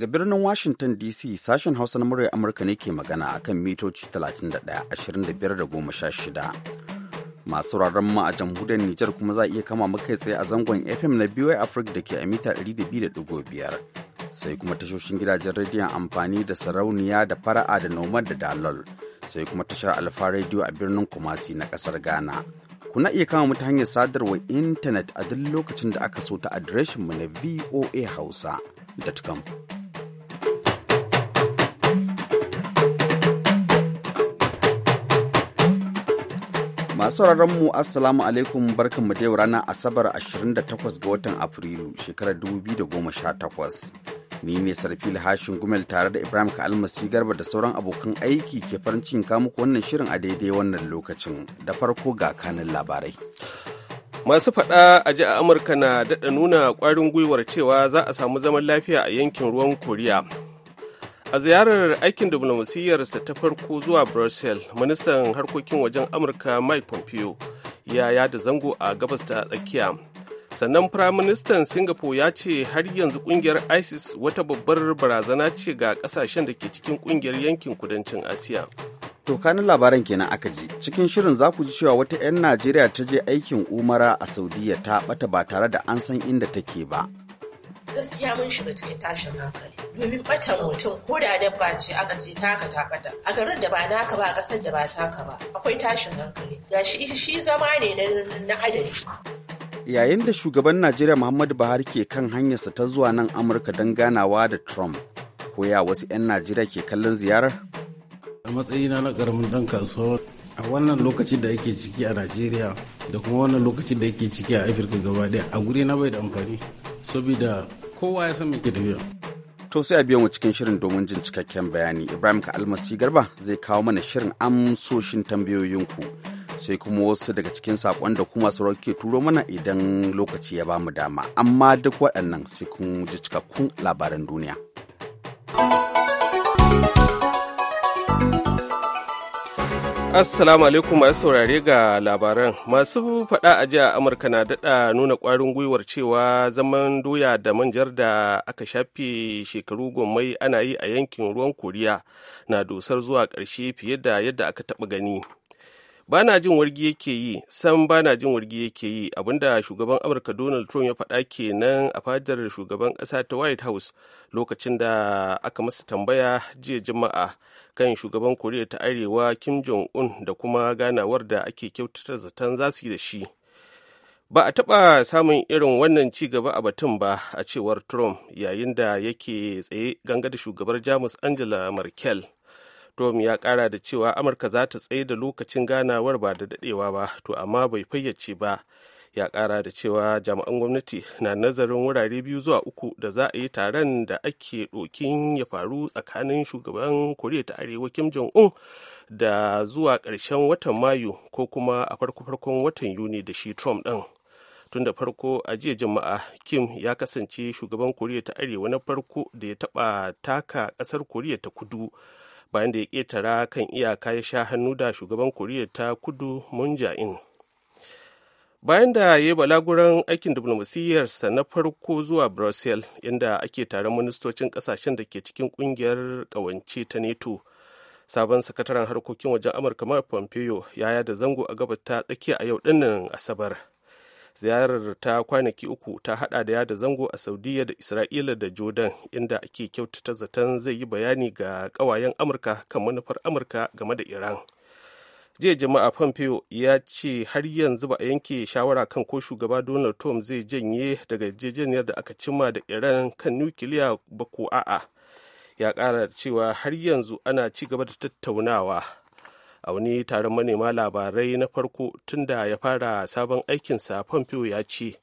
Daga birnin Washington DC sashen Hausa na murya Amurka ne ke magana a kan mitoci 31-25-16. Masu rarren ma a jamhuriyar Nijar kuma za a iya kama makai tsaye a zangon FM na BY Africa da ke a mita 200.5. Sai kuma tashoshin gidajen rediyon amfani da sarauniya da fara'a da nomad da dalol. Sai kuma tashar Alfa rediyo a birnin Kumasi na kasar Ghana. kuna iya kama mu ta hanyar sadarwar intanet a duk lokacin da aka so ta mu na voa voahausa.com. Masu mu Assalamu alaikum barkanmu da yau ranar Asabar 28 ga watan Afrilu shekarar 2018. Ni ne sarfi hashin gumel tare da Ibrahim Kalmasi Garba da sauran abokan aiki ke farin cikin muku wannan shirin a daidai wannan lokacin da farko ga kanin labarai. Masu faɗa a ji a Amurka na daɗa nuna ƙwarin gwiwar cewa za a samu zaman lafiya a yankin ruwan Koriya. a ziyarar aikin diflomasiyyarsa ta farko zuwa brussels ministan harkokin wajen amurka mike pompeo ya yada zango a gabas ta tsakiya sannan firaministan singapore ya ce har yanzu kungiyar isis wata babbar barazana ce ga kasashen da ke cikin kungiyar yankin kudancin asiya to kanin labaran kenan aka ji cikin shirin za ku ji cewa wata 'yan najeriya ta je aikin umara a saudiya ta ɓata ba tare da an san inda take ba gaskiya mun shiga cikin tashin hankali domin batan mutum ko da dabba ce aka ce taka ta bata a garin da ba naka ba a ƙasar da ba taka ba akwai tashin hankali gashi shi zama ne na adadi yayin da shugaban najeriya muhammadu buhari ke kan hanyarsa ta zuwa nan amurka don ganawa da trump ko ya wasu 'yan najeriya ke kallon ziyarar a matsayina na karamin dan kasuwa a wannan lokacin da ake ciki a najeriya da kuma wannan lokacin da yake ciki a afirka gaba daya a guri na bai da amfani saboda kowa ya san me ke tafiya to sai a mu cikin shirin domin jin cikakken bayani ibrahim ka almasi garba zai kawo mana shirin amsoshin tambayoyinku sai kuma wasu daga cikin saƙon da kuma sauran ke turo mana idan lokaci ya bamu dama amma duk waɗannan sai kun ji cikakkun labaran duniya. Assalamu alaikum masu saurare ga labaran. Masu faɗa a jiya Amurka na daɗa nuna kwarin gwiwar cewa zaman doya da manjar da aka shafe shekaru gomai ana yi a yankin ruwan Koriya na dosar zuwa ƙarshe fiye da yadda aka taɓa gani. ba jin wargi yake yi san ba na jin wargi yake yi abinda shugaban amurka donald trump ya faɗa kenan a fadar shugaban ƙasa ta white house lokacin da aka masa tambaya jiya juma'a kan shugaban koriya ta arewa kim jong-un da kuma ganawar da ake kyautata zaton za su yi da shi ba a taɓa samun irin wannan ci gaba a batun ba a cewar trump yayin da yake tsaye ganga da shugabar jamus angela merkel Trump ya kara da cewa Amurka za ta tsaye da lokacin ganawar ba da dadewa ba, to amma bai fayyace ba. Ya kara da cewa jami'an gwamnati na nazarin wurare biyu zuwa uku da za a yi taron da ake dokin ya faru tsakanin shugaban Koriya ta Arewa Kim Jong-un da zuwa ƙarshen watan Mayu ko kuma a farko-farkon watan Yuni da shi Trump ɗin. tun da farko a jiya juma'a kim ya kasance shugaban koriya ta arewa na farko da ya taba taka kasar koriya ta kudu bayan da ya ƙetara kan iyaka ya sha hannu da shugaban koriya ta kudu munja'in bayan da ya yi balaguran aikin diplomasiyarsa na farko zuwa brussels inda ake taron ministocin kasashen da ke cikin kungiyar kawance ta neto sabon sakataren harkokin wajen amurka mara pompeo ya da zango a gabata tsakiya a yau dinnan asabar ziyarar ta kwanaki uku ta hada da yada zango a saudiya da isra'ila da jordan inda ake kyautata zaton zai yi bayani ga kawayen amurka kan manufar amurka game da iran jiya jama'a pompeo ya ce har yanzu ba a yanke shawara kan ko shugaba donald trump zai janye daga yarjejeniyar da aka cimma da iran kan nukiliya ba ko a'a ya kara cewa har yanzu ana ci gaba da tattaunawa a wani taron manema labarai na farko tun da ya fara sabon aikinsa pompeo ya ce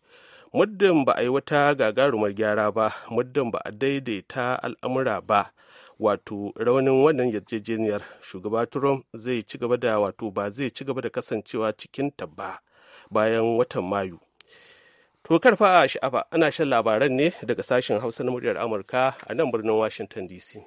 muddin ba a yi wata gagarumar gyara ba muddin ba a daidaita al'amura ba wato raunin wannan yarjejeniyar shugaba trump zai ci gaba da wato ba zai ci gaba da kasancewa cikin ba bayan watan mayu to karfa a sha'afa ana shan labaran ne daga sashen hausa na muryar amurka a nan birnin washington dc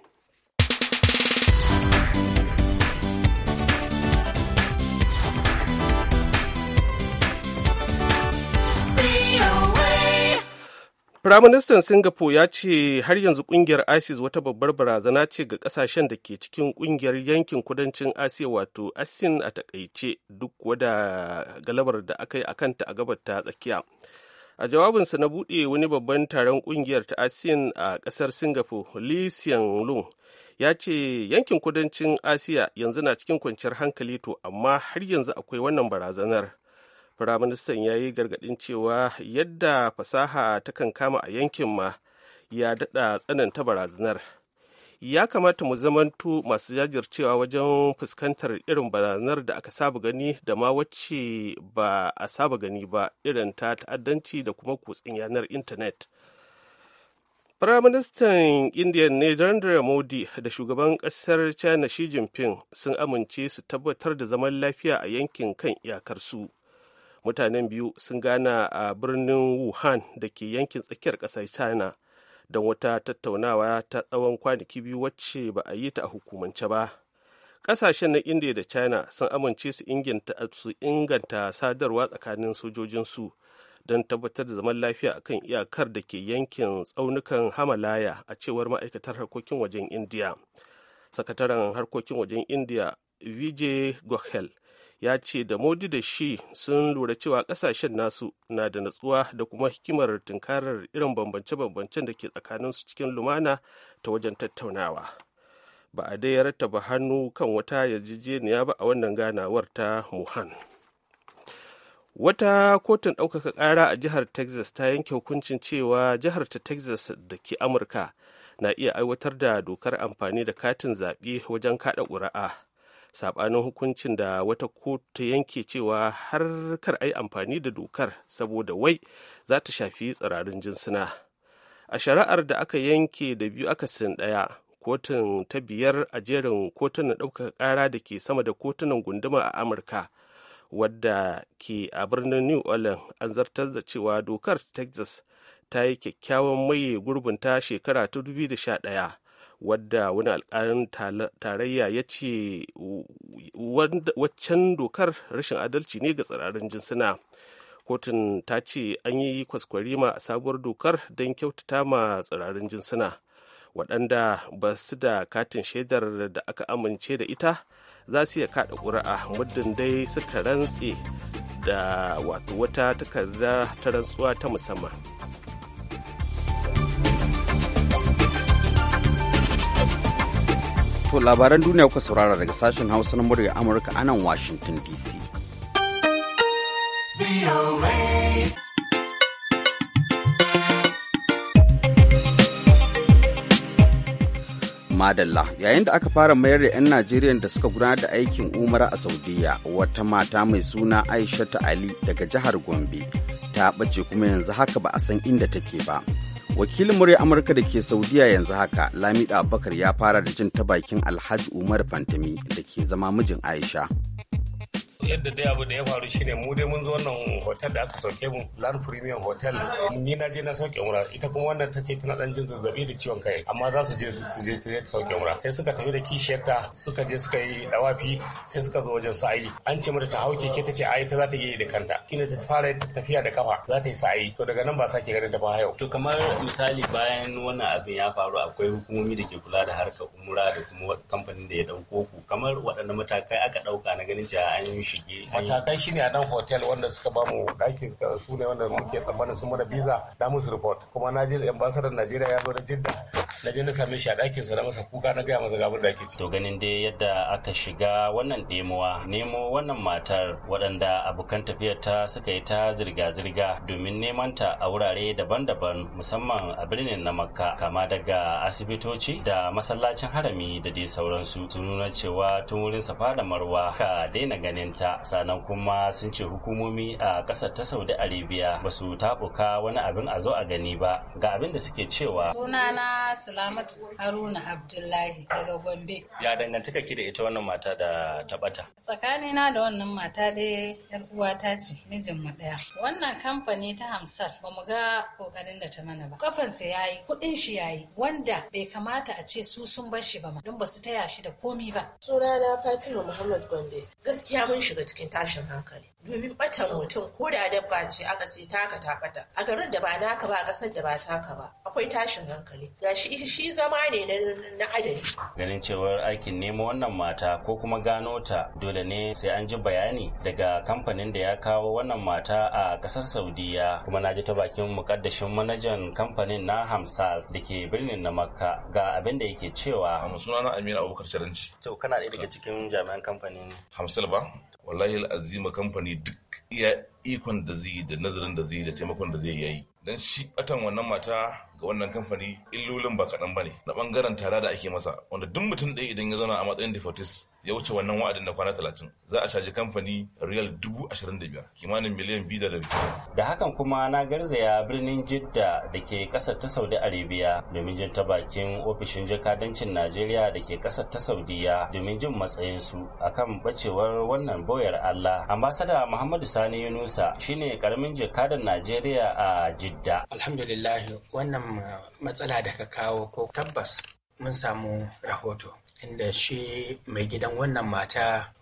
Firaministan Singapore ya ce har yanzu kungiyar ISIS wata babbar barazana ce ga kasashen da ke cikin kungiyar yankin kudancin Asiya wato ASEAN a takaice duk wada galabar da aka yi a kanta a gabar ta tsakiya. A jawabinsa na buɗe wani babban taron kungiyar ta ASEAN a ƙasar Singapore, Lee Hsien Loong ya ce yankin kudancin Asiya yanzu na cikin kwanciyar hankali to amma har yanzu akwai wannan barazanar. firaministan ya yi gargaɗin cewa yadda fasaha ta kan kama a yankin ma ya daɗa tsananta barazanar ya kamata mu zamantu masu jajircewa wajen fuskantar irin barazanar da aka saba gani da ma wacce ba a saba gani ba irin ta ta'addanci da kuma kutsin yanar intanet Firaministan Indiya ne Narendra Modi da shugaban ƙasar China Xi Jinping sun amince su tabbatar da zaman lafiya a yankin kan iyakarsu. mutanen biyu sun gana a birnin wuhan da ke yankin tsakiyar kasar china don wata tattaunawa ta tsawon kwanaki biyu wacce ba a yi ta a hukumance ba ƙasashen na indiya da china sun amince su inganta sadarwa tsakanin sojojinsu don tabbatar da zaman lafiya akan iyakar da ke yankin tsaunukan hamalaya a cewar ma'aikatar harkokin wajen indiya sakataren harkokin wajen indiya vijay gohel ya ce da modi da shi sun lura cewa kasashen nasu na da natsuwa da kuma hikimar tunkarar irin bambance-bambancen da ke tsakanin su cikin lumana ta wajen tattaunawa ba a dai rattaba hannu kan wata yarjejeniya ba a wannan ganawar ta muhan wata kotun ɗaukaka ƙara a jihar texas ta yanke hukuncin cewa jihar ta texas da ke amurka na iya aiwatar da dokar amfani da katin zaɓe wajen kaɗa ƙuri'a saɓanin hukuncin da wata kotu yanke cewa har kar a yi amfani da dokar saboda wai za ta shafi tsirarin jinsuna a shari'ar da aka yanke da biyu akasin ɗaya kotun ta biyar a jerin kotunan ɗaukar ƙara da ke sama da kotunan gunduma a amurka wadda ke a birnin new orleans an zartar da cewa dokar texas ta yi kyakkyawan maye gurbinta shekara ta 2011 wadda wani alƙalin tarayya ya ce waccan dokar rashin adalci ne ga tsirarin jinsuna kotun ta ce an yi kwaskwarima a sabuwar dokar don kyautata ma tsirarin jinsuna waɗanda ba su da katin shaidar da aka amince da ita za su iya kaɗa ƙuri'a muddin dai suka rantse da wata takarda ta rantsuwa ta musamman To labaran duniya kuka saurara daga sashen Hausa na murya Amurka a nan Washington DC. Madalla yayin da aka fara mayar da 'yan Najeriya da suka gudanar da aikin umara a Saudiya wata mata mai suna Aisha ta Ali daga jihar Gombe ta ɓace kuma yanzu haka ba a san inda take ba. wakilin murya amurka da ke saudiya yanzu haka lamida abubakar ya fara da jin ta bakin alhaji umar fantami da ke zama mijin aisha yadda dai abu da ya faru shine mu dai mun zo wannan hotel da aka sauke mu Land Premium Hotel ni na je na sauke mura ita kuma wannan ta ce tana dan jin zazzabi da ciwon kai amma za su je su je sauke mura sai suka tafi da kishiyarta suka je suka yi dawafi sai suka zo wajen sa'ayi an ce mata ta hau keke ta ce ai ta za ta yi da kanta kina ta fara tafiya da kafa za ta yi sa'ayi to daga nan ba sake ganin ta ba yau to kamar misali bayan wannan abin ya faru akwai hukumomi da ke kula da harkar umura da kuma kamfanin da ya dauko ku kamar waɗanne matakai aka dauka na ganin cewa an yi shi shige eh. matakai shine a nan hotel wanda suka bamu daki suka su ne wanda muke tsammanin sun mana visa musu report kuma na je ambassador Najeriya ya zo da Jidda na je na same shi a dakin sa na masa kuka na gaya masa ga abin da to ganin dai yadda aka shiga wannan demuwa nemo wannan matar waɗanda abokan tafiyar ta suka yi ta zirga-zirga domin neman ta a wurare daban-daban musamman a birnin na Makka kama daga asibitoci da masallacin harami da dai sauransu sun nuna cewa tun wurin safa da marwa ka daina ganin ta sannan kuma sun ce hukumomi a ƙasar ta saudi arabia ba su tabuka wani abin a zo a gani ba ga abin da suke cewa sunana salamat haruna abdullahi daga gombe ya dangantaka ki da ita wannan mata da ta tsakanina da wannan mata dai yar uwata ce mijin mu daya wannan kamfani ta hamsar ba mu ga kokarin da ta mana ba kafansa yayi kuɗin shi yayi wanda bai kamata a ce su sun bar shi ba ma don ba su taya shi da komi ba sunana fatima muhammad gombe gaskiya mun shiga cikin tashin hankali. domin ɓata mutum ko da dabba ce aka ce taka ta bata a garin da ba naka ba a kasar da ba taka ba akwai tashin hankali ga shi shi zama ne na adadi ganin cewar aikin nemo wannan mata ko kuma gano ta dole ne sai an ji bayani daga kamfanin da ya kawo wannan mata a kasar saudiya kuma na ji ta bakin mukaddashin manajan kamfanin na hamsal da ke birnin na makka ga abin da yake cewa sunana amina abubakar caranci to kana ɗaya daga cikin jami'an kamfanin hamsal ba wallahi al'azima kamfanin. zamani duk ikon da zai da nazarin da zai da taimakon da zai yi. don shi atan wannan mata ga wannan kamfani illolin ba kaɗan ba ne na ɓangaren tara da ake masa wanda duk mutum ɗaya idan ya zauna a matsayin defaultis ya wuce wannan wa'adin na kwana talatin za a caji kamfani riyal dubu ashirin da biyar kimanin miliyan biyu da rabi. da hakan kuma na garzaya birnin jidda da ke ƙasar ta saudi arabia domin jin ta bakin ofishin jakadancin najeriya da ke ƙasar ta saudiya domin jin matsayinsu akan bacewar wannan boyar allah ambasada muhammadu sani yunusa shine karamin jakadan najeriya a jidda Alhamdu alhamdulillah wannan uh, matsala da ka kawo ko tabbas mun samu rahoto inda shi mai gidan wannan mata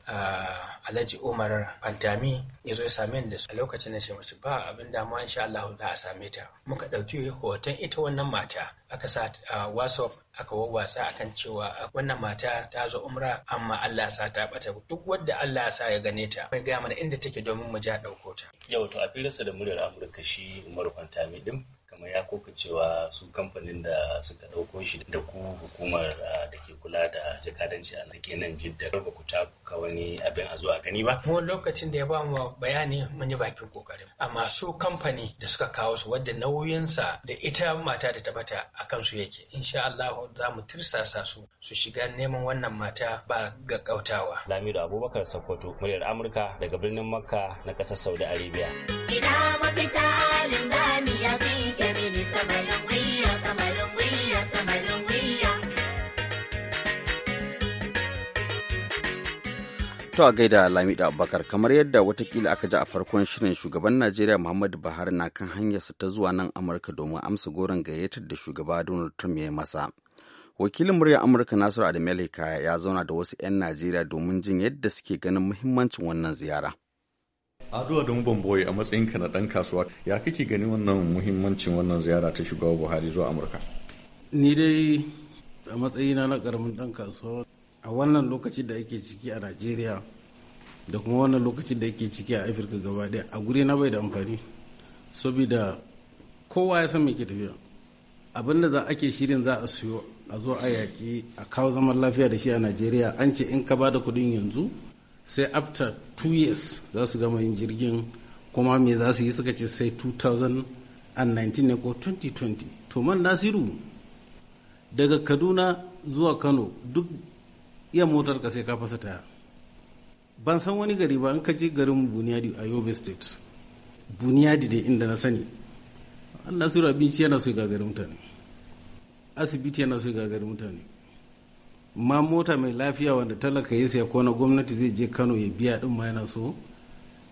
Alhaji Umar Fantami ya zo ya same ni da su a lokacin na ce mace ba abin damuwa insha Allah za a same ta muka ɗauki hoton ita wannan mata aka sa a wasof aka wawwatsa akan cewa wannan mata ta zo umra amma Allah sa ta bata duk wadda Allah ya sa ya gane ta mai gaya mana inda take domin mu ja ɗauko ta. Yau to a filinsa da muryar Amurka shi Umar Fantami din kamar ya koka cewa su kamfanin da suka ɗauko shi da ku hukumar da ke kula da jakadanci a ke nan jidda ba ku takuka wani abin a zuwa gani ba. Kuma lokacin da ya ba mu bayani mun yi bakin kokarin. Amma su kamfani da suka kawo su wadda nauyinsa da ita mata da tabata a kansu yake. Insha Allah za mu tirsasa su su shiga neman wannan mata ba ga kautawa. Lamiru Abubakar Sokoto, muryar Amurka daga birnin Makka na ƙasar Saudi Arabia. Ina mafita linzami ya fi? To a gaida Lamida Abubakar kamar yadda watakila aka ji a farkon shirin shugaban Najeriya Muhammadu Buhari na kan hanyarsa ta zuwa nan Amurka domin amsa goron gayyatar da shugaba Donald Trump ya yi masa. Wakilin muryar Amurka Nasiru Adamu ya zauna da wasu 'yan Najeriya domin jin yadda suke ganin muhimmancin wannan ziyara. Aduwa don Bamboyi a matsayinka na ɗan kasuwa ya kake gani wannan muhimmancin wannan ziyara ta shugaba Buhari zuwa Amurka? Ni dai a matsayina na ƙaramin ɗan kasuwa a wannan lokacin da yake ciki a najeriya da kuma wannan lokacin da yake ciki a afirka gaba daya a guri na bai da amfani saboda kowa ya san me ke tafiya abinda za ake shirin za a siyo a zo a yaƙi a kawo zaman lafiya da shi a najeriya an ce in ka ba da kuɗin yanzu sai after two years za su gama yin jirgin kuma me za su yi suka ce sai 2019 ne ko 2020 to man nasiru daga kaduna zuwa kano duk iya motar ka sai ka fasa taya ban san wani gari ba an ka je garin buniyadi a yobe state buniyadi dai inda na sani allah su abinci yana so garin mutane asibiti yana so garin mutane ma mota mai lafiya wanda talaka ya siya ko na gwamnati zai je kano ya biya din ma yana so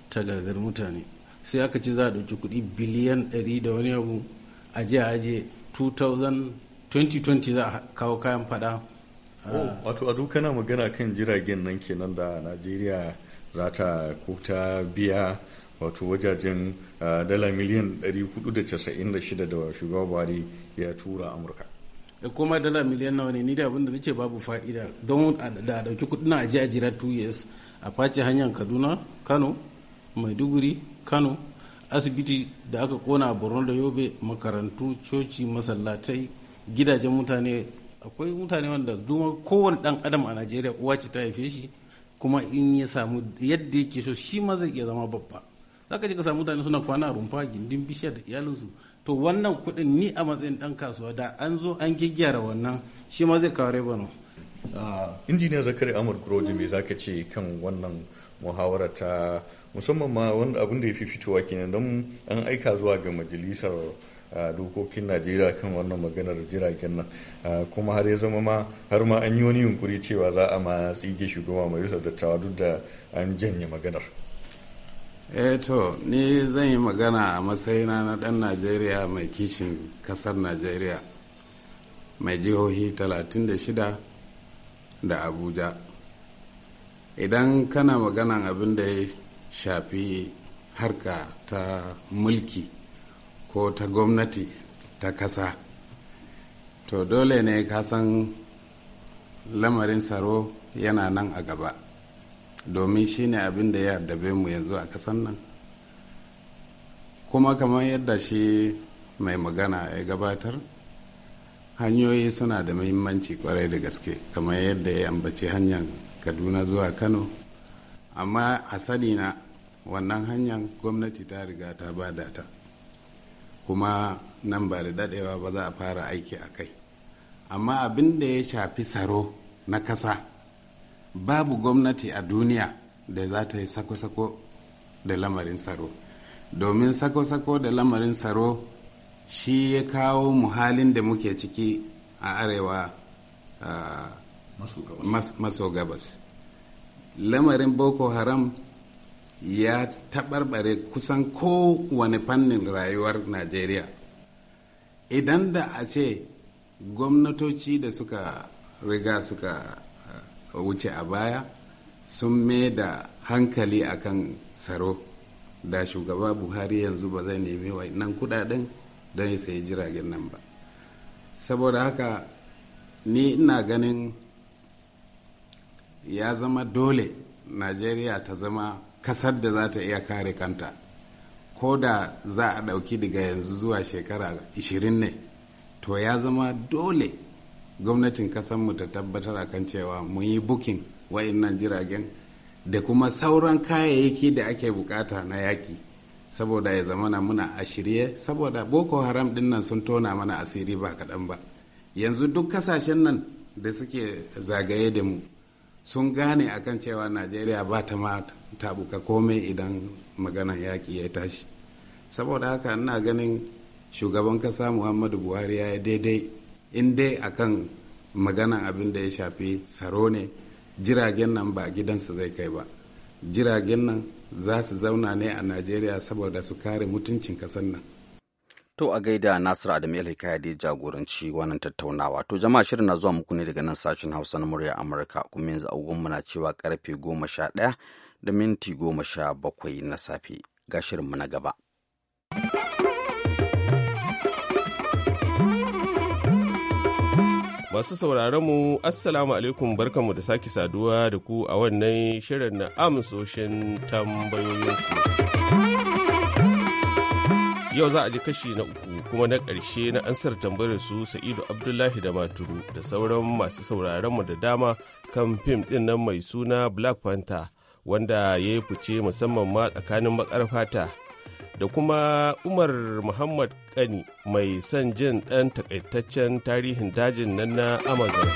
ta gagar mutane sai aka ce za a ɗauki kuɗi biliyan 100 da wani abu a je a aje 2020 za a kawo kayan fada Oh, wato a kana magana kan jiragen nan kenan da najeriya za ta ko biya wato wajajen ah, dala miliyan 496 da shugaba buhari ya tura amurka da kuma dala miliyan nawa ne ni da abinda nake babu fa'ida don da dauki kudin a ji a jira 2 years a face hanyar kaduna kano maiduguri kano asibiti da aka kona a borno da yobe makarantu coci masallatai gidajen mutane akwai mutane wanda duma kowane dan adam a najeriya uwa ce ta haife shi kuma in ya samu yadda yake so shi ma zai iya zama babba za ka je ka samu mutane suna kwana rumfa gindin bishiyar da iyalinsu to wannan kuɗin ni a matsayin dan kasuwa da an zo an gyaggyara wannan shi ma zai kawo rebano ah, injiniya zakari amur kuroji me zaka ce kan wannan muhawara ta musamman ma wanda da ya fi fitowa kenan don an aika zuwa ga majalisar dokokin najeriya kan wannan maganar jiragen nan kuma har ya zama ma har ma an yi wani yunkuri cewa za a ma tsige shugaba majalisar dattawa duk da an janye maganar eh to ni zan yi magana a matsayina na dan najeriya mai kishin kasar najeriya mai jihohi 36 da abuja idan kana maganan abin da ya shafi harka ta mulki ko ta gwamnati ta kasa to dole ne ka san lamarin tsaro yana nan a gaba domin shi ne abin da ya addabe mu yanzu a kasan nan kuma kamar yadda shi mai magana ya gabatar hanyoyi suna da muhimmanci kwarai da gaske kamar yadda ya ambaci hanyar kaduna zuwa kano amma a sani na wannan hanyar gwamnati ta riga ta ba data kuma nan ba da dadewa ba za a fara aiki a kai amma abin da ya shafi tsaro na kasa babu gwamnati a duniya da za ta yi sako-sako da lamarin tsaro domin sako-sako da lamarin tsaro shi ya kawo mu halin da muke ciki a arewa ah, maso gabas lamarin boko haram ya taɓarɓare kusan kowane fannin rayuwar najeriya idan da a ce gwamnatoci da suka riga suka uh, wuce a baya sun mai da hankali kan tsaro da shugaba buhari yanzu ba zai nemi nan kudaden don ya sayi jiragen nan ba saboda haka ni ina ganin ya zama dole najeriya ta zama kasar da za ta iya kare kanta ko da za a ɗauki daga yanzu zuwa shekara 20 ne to ya zama dole gwamnatin mu ta tabbatar kan cewa mun yi bukin wa'innan jiragen da kuma sauran kayayyaki da ake bukata na yaki saboda ya zamana muna a shirye saboda boko haram dinnan sun tona mana asiri ba kaɗan ba yanzu duk kasashen nan da suke zagaye da mu sun gane akan cewa najeriya ba ta ma tabuka komai idan maganan yaƙi ya tashi saboda haka ina ganin shugaban kasa muhammadu buhari ya yi daidai in dai akan maganan abin da ya shafi tsaro ne jiragen nan ba gidansa zai kai ba jiragen nan za su zauna ne a najeriya saboda su kare mutuncin kasan nan To a gaida Nasiru Adamu Alhikaya da jagoranci wannan tattaunawa. To jama'a shirin na zuwa muku ne daga nan sashen Hausa na murya Amurka kuma yanzu agogon muna cewa karfe goma sha ɗaya da minti goma sha bakwai na safe ga mu na gaba. Masu sauraron mu Assalamu alaikum barkanmu da sake saduwa da ku a wannan shirin na amsoshin tambayoyinku. yau za a ji kashi na uku kuma na ƙarshe na ansar tambayar su sa'idu abdullahi da maturu da sauran masu sauraronmu da dama kan fim ɗin nan mai suna black panther wanda ya yi fice musamman ma tsakanin bakar fata da kuma umar muhammad kani mai son jin ɗan takaitaccen tarihin dajin nan na amazon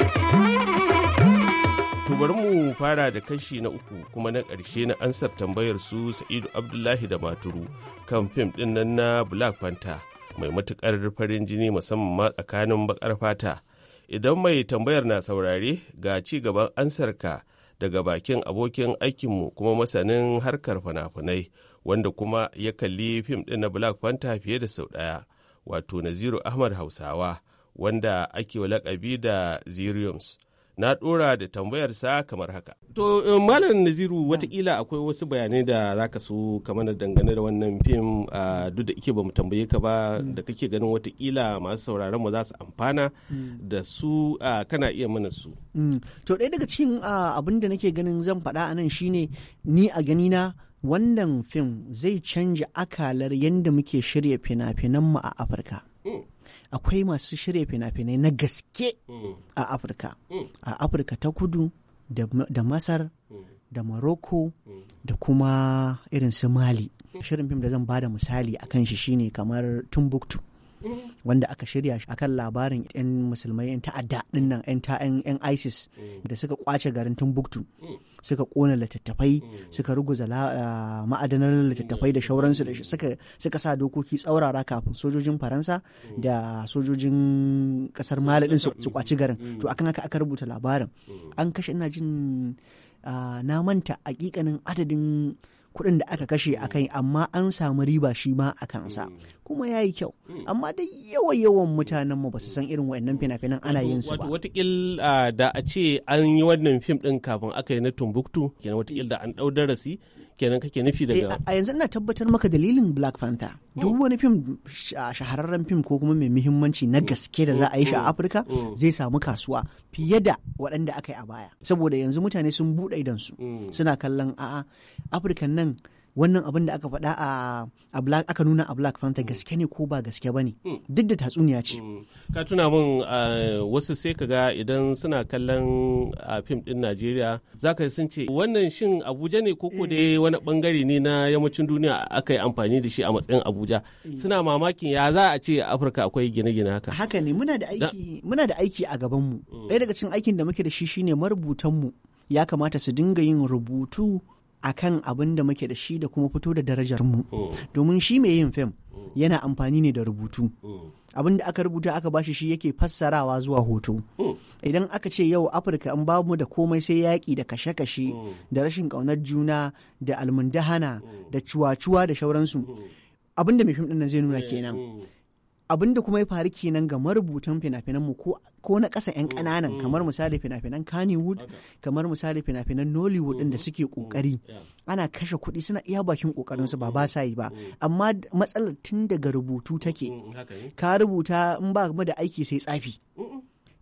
To bari mu fara da kashi na uku kuma na ƙarshe na ansar tambayar su Sa'idu Abdullahi da Maturu kan fim ɗin nan na Black Panther mai matuƙar farin jini musamman ma tsakanin baƙar fata. Idan mai tambayar na saurare ga ci gaban ansar ka daga bakin abokin aikinmu kuma masanin harkar fina-finai wanda kuma ya kalli fim ɗin na Black Panther fiye da sau ɗaya wato Naziru Ahmad Hausawa wanda ake lakabi da Ziriums. na dora da tambayarsa kamar haka. To eh, Malam Naziru watakila akwai wasu bayanai da za ka so kamar dangane da wannan fim duk da ike ba mu tambaye ka ba mm. da kake ganin watakila masu sauraron mu za su amfana mm. da su kana iya mana su. Mm. To ɗaya daga cikin abin da nake ganin zan faɗa a nan shine ni a ganina wannan fim zai canja akalar yadda muke shirya fina finan mu a Afirka. akwai masu shirya fina-finai na gaske a afirka a afirka ta kudu da masar da morocco da kuma irin su mali shirin fim da zan ba da misali a kan shi shine kamar tumbuktu wanda aka shirya shi akan labarin 'yan musulmai 'yan ta'adda dinnan 'yan isis da suka kwace garin timbuktu suka kona littattafai suka ruguza ah, ma'adanar littattafai da shauransu da suka sa dokoki tsaurara kafin sojojin faransa da sojojin kasar mali su kwaci garin to akan haka aka rubuta labarin an kashe ina jin ah, na manta hakikanin adadin kuɗin da aka kashe a kai amma an samu riba shi ma a kansa mm. kuma ya yi kyau mm. amma da yawa yawan mutanenmu ba su san irin wannan fina-finan ana yin su ba watakil ah, da a ce an yi wannan fim ɗin kafin aka yi na tumbuktu kenan watakil da an ɗau darasi kenan kake nufi daga eh, a yanzu ina tabbatar maka dalilin black panther duk oh. wani fim shahararren fim ko kuma mai muhimmanci na gaske da za a yi shi a oh. afirka oh. zai samu kasuwa fiye da waɗanda aka yi a baya saboda yanzu mutane sun buɗe su mm. suna kallon a'a afirka nan wannan abin da aka faɗa a black aka nuna a black panther hmm. gaske ne ko ba gaske ba ne hmm. duk da tatsuniya ce hmm. ka tuna min wasu sai ka ga idan suna kallon a fim din najeriya za ka sun ce wannan shin abuja ne ko ko dai eh. wani bangare ne na yammacin duniya aka yi amfani da shi a matsayin abuja suna mamakin ya za a ce afirka akwai gine-gine haka haka ne muna da aiki muna da aiki a gaban mu ɗaya daga cikin aikin da muke da shi shine marubutan mu ya kamata su dinga yin rubutu akan abin da muke da shi da kuma fito da darajar mu oh. domin shi mai yin fim oh. yana amfani ne da rubutu oh. abin da aka rubuta aka bashi shi yake fassarawa zuwa hoto idan aka ce yau afirka in mu da komai sai yaki da kashe-kashe da rashin ƙaunar juna da almundahana da cuwa-cuwa da shauransu abin da mai fim ɗin nan zai nuna eh, kenan abin da kuma ya faru kenan ga marubutan fina-finan mu ko na ƙasa 'yan mm, ƙananan mm. kamar misali fina-finan Kannywood kamar misali fina-finan Nollywood ɗin da mm, suke ƙoƙari ana kashe kuɗi suna iya bakin ƙoƙarin su ba ba sa yi ba amma matsalar tun daga rubutu take ka rubuta in ba da aiki sai tsafi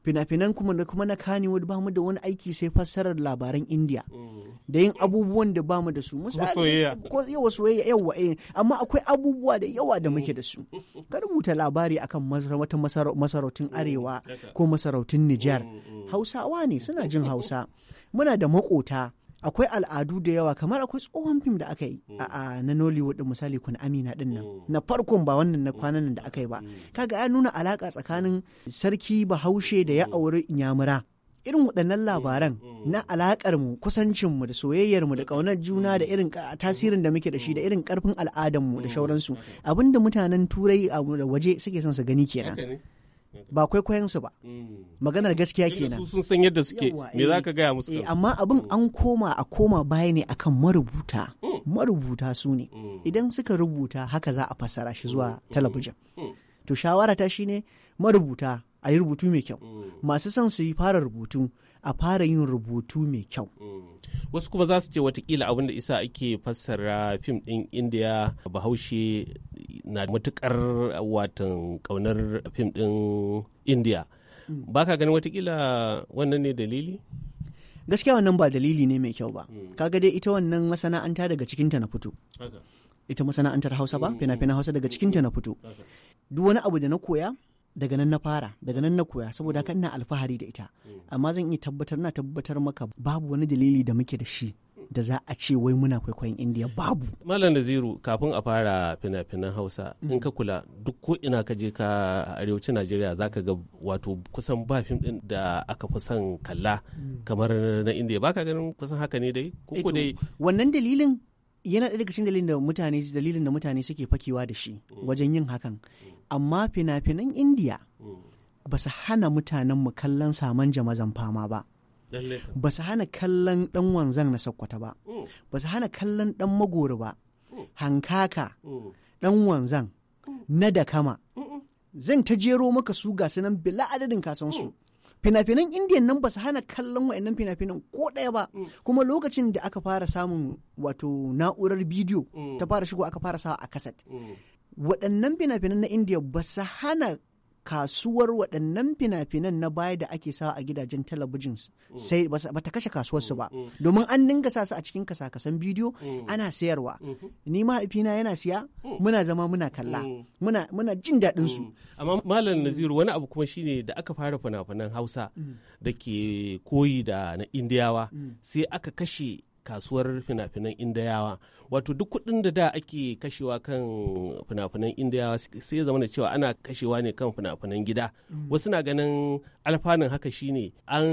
fina-finan kuma da kuma na kani wadda bamu da wani aiki sai fassarar labaran indiya mm. da yin abubuwan da bamu da su misali ko yawa soyayya yawa eh amma akwai abubuwa da yawa da muke da su mm. ka rubuta labari akan wata masarautun mm. arewa ko masarautun Nijar Hausawa ne suna jin Hausa muna da makota akwai al'adu da yawa kamar akwai tsohon fim da aka yi mm. a na nollywood din misali kun amina din nan mm. na farkon ba wannan na mm. kwanan nan da aka yi ba kaga ya nuna alaka tsakanin sarki bahaushe da ya auri inyamura irin waɗannan labaran na alakar mu kusancin mu da soyayyar mu da ƙaunar juna da irin tasirin da muke da shi da irin karfin al'adar mu da shauransu abinda mutanen turai a waje suke son su gani kenan ba su ba mm. maganar gaskiya kenan sun san yadda suke me za eh, ka gaya musu eh, amma abin mm. an koma a koma baya ne akan marubuta mm. marubuta su ne idan suka rubuta haka za a fassara shi zuwa talabijin to shawara ta shine marubuta a yi rubutu mai kyau masu son su yi fara rubutu a fara yin rubutu mai kyau. Mm. Wasu kuma za su ce watakila abin da isa ake fassara fim ɗin Indiya bahaushe na matukar watan ƙaunar fim ɗin Indiya. Mm. Ba ka ganin watakila wannan ne dalili? Gaskiya wannan ba dalili ne mai kyau ba. Mm. Kaga dai ita wannan masana'anta daga cikinta na fito. Ita masana'antar Hausa ba, fina-finan Hausa daga cikinta na fito. Duk wani abu da na koya daga nan na fara daga nan na koya saboda haka ina alfahari da ita amma zan iya tabbatar na tabbatar maka babu wani dalili da muke da shi da za a ce wai muna kwaikwayon indiya babu malam naziru kafin a fara fina-finan hausa in ka kula duk ko ina ka je ka arewacin najeriya za ka ga wato kusan ba fim din da aka fi son kalla kamar na indiya ba ka ganin kusan haka ne dai ko dai wannan dalilin yana ɗaya daga cikin dalilin da mutane dalilin da mutane suke fakewa da shi wajen yin hakan amma fina-finan indiya ba su hana mutanen mu kallon saman jama'zan fama ba ba su hana kallon dan wanzan na sakkwata ba mm. ba su hana kallon dan magori ba mm. hankaka dan mm. wanzan na da kama zan ta jero maka su ga nan bila adadin su fina-finan indiyan nan ba su hana kallon wa'annan fina-finan ko ɗaya ba kuma lokacin da aka fara samun wato na'urar bidiyo ta fara shigo aka fara sawa a kaset waɗannan fina-finan na indiya ba su hana kasuwar waɗannan fina-finan na baya da ake sawa a gidajen talabijin sai ba ta kashe kasuwarsu ba mm, mm. domin an dinga sa su a cikin kasakasan bidiyo mm. ana sayarwa mm-hmm. ni mahaifina yana siya muna zama muna kalla muna jin daɗin su amma malam naziru wani abu kuma shine da aka fara fina-finan hausa da ke koyi da na indiyawa sai aka kashe kasuwar fina-finan indiyawa wato duk kuɗin da da ake kashewa kan fina-finan indiyawa sai zama da cewa ana kashewa ne kan fina-finan gida mm. wasu na ganin alfanun haka shine an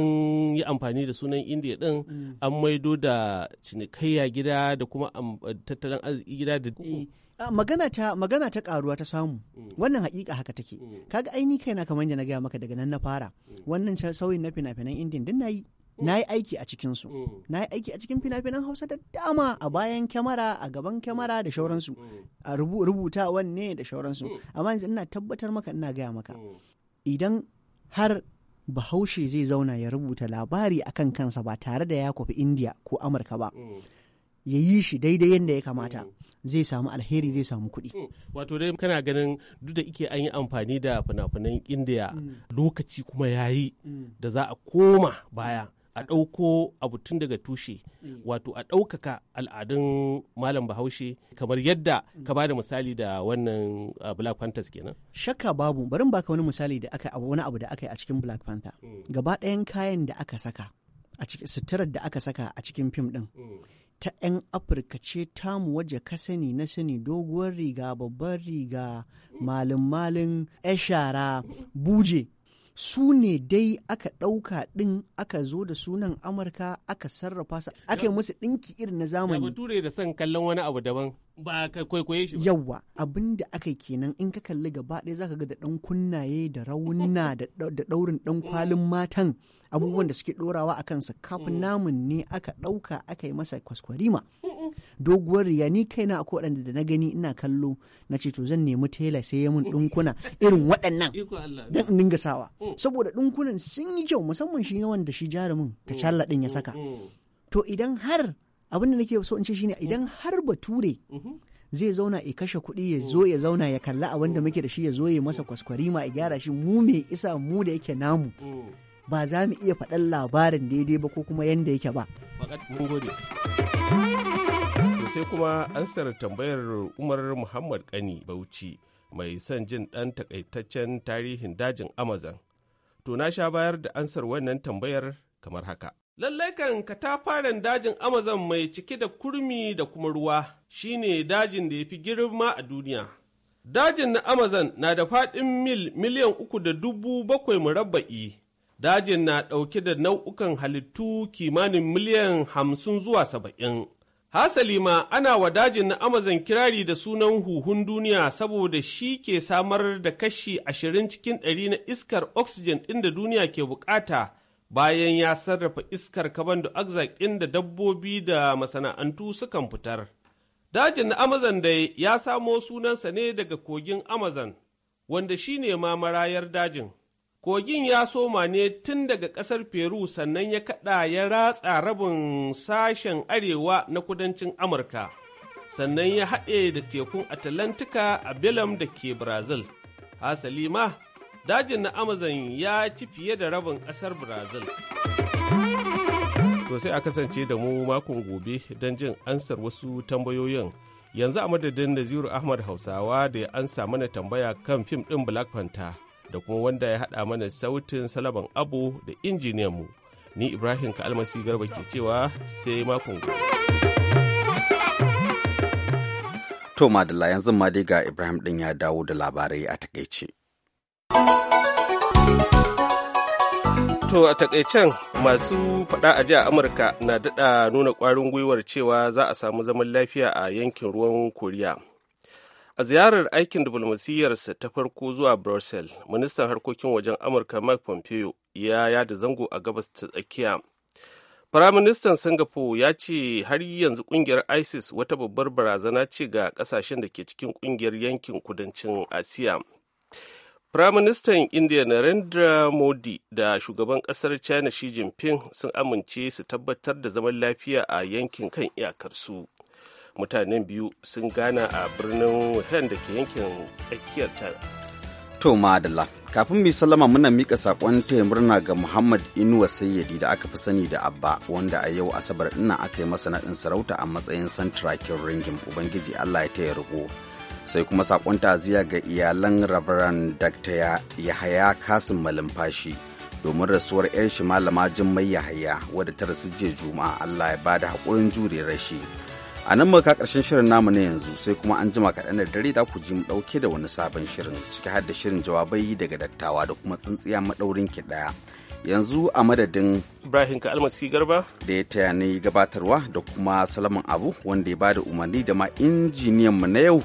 yi amfani da sunan indiya din mm. an maido da cinikayya gida da kuma tattalin arziki gida da eh, magana ta magana ta karuwa ta samu mm. wannan hakika haka take kaga aini kaina kamar da na gaya maka daga nan na fara wannan sauyin na fina-finan indin din nayi na yi aiki a cikinsu mm. na yi aiki a cikin fina-finan hausa da dama a bayan kyamara a gaban kyamara da shauransu mm. a rubutawan ne da shauransu mm. amma yanzu ina tabbatar maka ina gaya maka idan har bahaushe zai zauna ya rubuta labari akan kansa ba tare da ya kwafi india ko amurka ba ya yi shi daidai yadda ya kamata zai samu alheri zai samu kuɗi. wato dai kana ganin duk da ike an yi amfani da fina-finan indiya lokaci kuma ya yi da za a koma baya a ɗauko abu tun daga tushe eh. wato a ɗaukaka al'adun malam bahaushe kamar yadda ka ba da misali da wannan uh, black panthers kenan shakka babu barin baka wani misali da aka wani abu da aka yi a cikin black panther hmm. gaba ɗayan kayan da aka saka a cikin suturar da aka saka a cikin fim ɗin hmm. ta 'yan afirka ce tamu waje ka sani na sani doguwar riga babbar riga hmm. malin malin shara buje su ne dai aka ɗauka ɗin aka zo da sunan amurka aka sarrafa su aka yi musu ɗinki irin na zamani. ya da son kallon wani abu daban ba ka kwaikwaye shi yawwa abin da aka yi kenan in ka kalli gaba ɗaya zaka ga da ɗan kunnaye da raunna da ɗaurin ɗan kwalin matan abubuwan da suke ɗorawa a kansa kafin mm. namun ne aka ɗauka aka yi masa kwaskwarima doguwar riya ni kaina akwai waɗanda da na gani ina kallo na ce to zan nemi tela sai ya mun mm. ɗinkuna irin waɗannan don in dinga sawa mm. saboda ɗinkunan sun yi kyau musamman shi yawan wanda shi jarumin ta challa ɗin ya saka to idan har abin da nake so in ce shine idan har bature mhm. zai zauna ya kashe kuɗi ya mm. zo ya zauna ya kalla abin da muke da shi ya zo ya masa kwaskwari ma ya gyara shi mu mai isa mu da yake namu mm. ba za mu iya faɗan labarin daidai ba ko kuma yanda yake ba. sai kuma ansar tambayar umar muhammad kani bauchi mai son jin ɗan takaitaccen tarihin dajin amazon to na sha bayar da ansar wannan tambayar kamar haka Lallai kan katafaren dajin Amazon mai cike da kurmi da kuma ruwa shine dajin da ya fi girma a duniya. Dajin na Amazon na da faɗin mil miliyan uku da dubu bakwai murabba'i. Dajin na ɗauke da nau'ukan halittu kimanin miliyan hamsin zuwa saba'in. Hasali ma ana wa dajin na Amazon kirari da sunan huhun duniya saboda shi ke samar da kashi ashirin cikin ɗari na iskar oxygen ɗin da duniya ke bukata. bayan ya sarrafa iskar carbon dioxide inda da dabbobi da masana'antu sukan fitar. Dajin na Amazon dai ya samo sunansa ne daga kogin Amazon, wanda shi ne ma marayar dajin. Kogin ya soma ne tun daga ƙasar Peru sannan ya kaɗa ya ratsa rabin sashen arewa na kudancin Amurka, sannan ya haɗe da tekun Atalantika a Belam da ke Brazil. Hasali ma Dajin na Amazon ya ci fiye da rabin ƙasar Brazil. sosai a kasance da mu makon gobe don jin ansar wasu tambayoyin. Yanzu a madadin Naziru Ahmad Hausawa da ya ansa mana tambaya kan fim ɗin Black Panther da kuma wanda ya haɗa mana sautin salaban Abu da mu. Ni Ibrahim almasi Garba ke cewa sai makon gobe. To Madalla yanzu ma dai ga Ibrahim ɗin ya dawo da labarai a takaice. To a takaicen masu faɗa a jiya Amurka na daɗa nuna ƙwarin gwiwar cewa za a samu zaman lafiya a yankin ruwan Koriya. A ziyarar aikin diflomasiyarsa ta farko zuwa Brussels, ministan harkokin wajen Amurka Mike Pompeo ya yada zango a gabas ta tsakiya. Firaministan Singapore ya ce har yanzu kungiyar ISIS wata babbar barazana ce ga kasashen da ke cikin kungiyar yankin kudancin Asiya. Firaministan Indiya Narendra Modi da shugaban ƙasar China Xi Jinping sun amince su tabbatar da zaman lafiya a yankin kan iyakarsu. Mutanen biyu sun gana a birnin Wuhan da ke yankin tsakiyar China. To madalla, kafin mu sallama muna mika sakon taya murna ga Muhammad Inuwa Sayyadi da aka fi sani da Abba wanda a yau Asabar ina aka yi masa sarauta a matsayin santrakin ringin Ubangiji Allah ya taya rubo. sai kuma sakon taziya ga iyalan rabaran dr yahaya kasim malumfashi domin rasuwar 'yan shi malama jimmai yahaya wadda ta rasu jiya juma'a allah ya bada haƙurin jure rashi a nan muka karshen shirin namu na yanzu sai kuma an jima kaɗan da dare za ku ji mu ɗauke da wani sabon shirin ciki har da shirin jawabai daga dattawa da kuma tsintsiya maɗaurin ki ɗaya yanzu a madadin ibrahim ka almasi garba da ya taya ni gabatarwa da kuma salamun abu wanda ya bada umarni da ma injiniyan mu na yau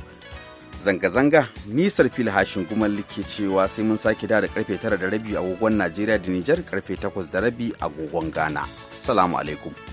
zanga-zanga nisar fili hashin gumal ke cewa sai mun sake da karfe tara da rabi agogon najeriya da nijar karfe takwas da rabi agogon ghana salamu alaikum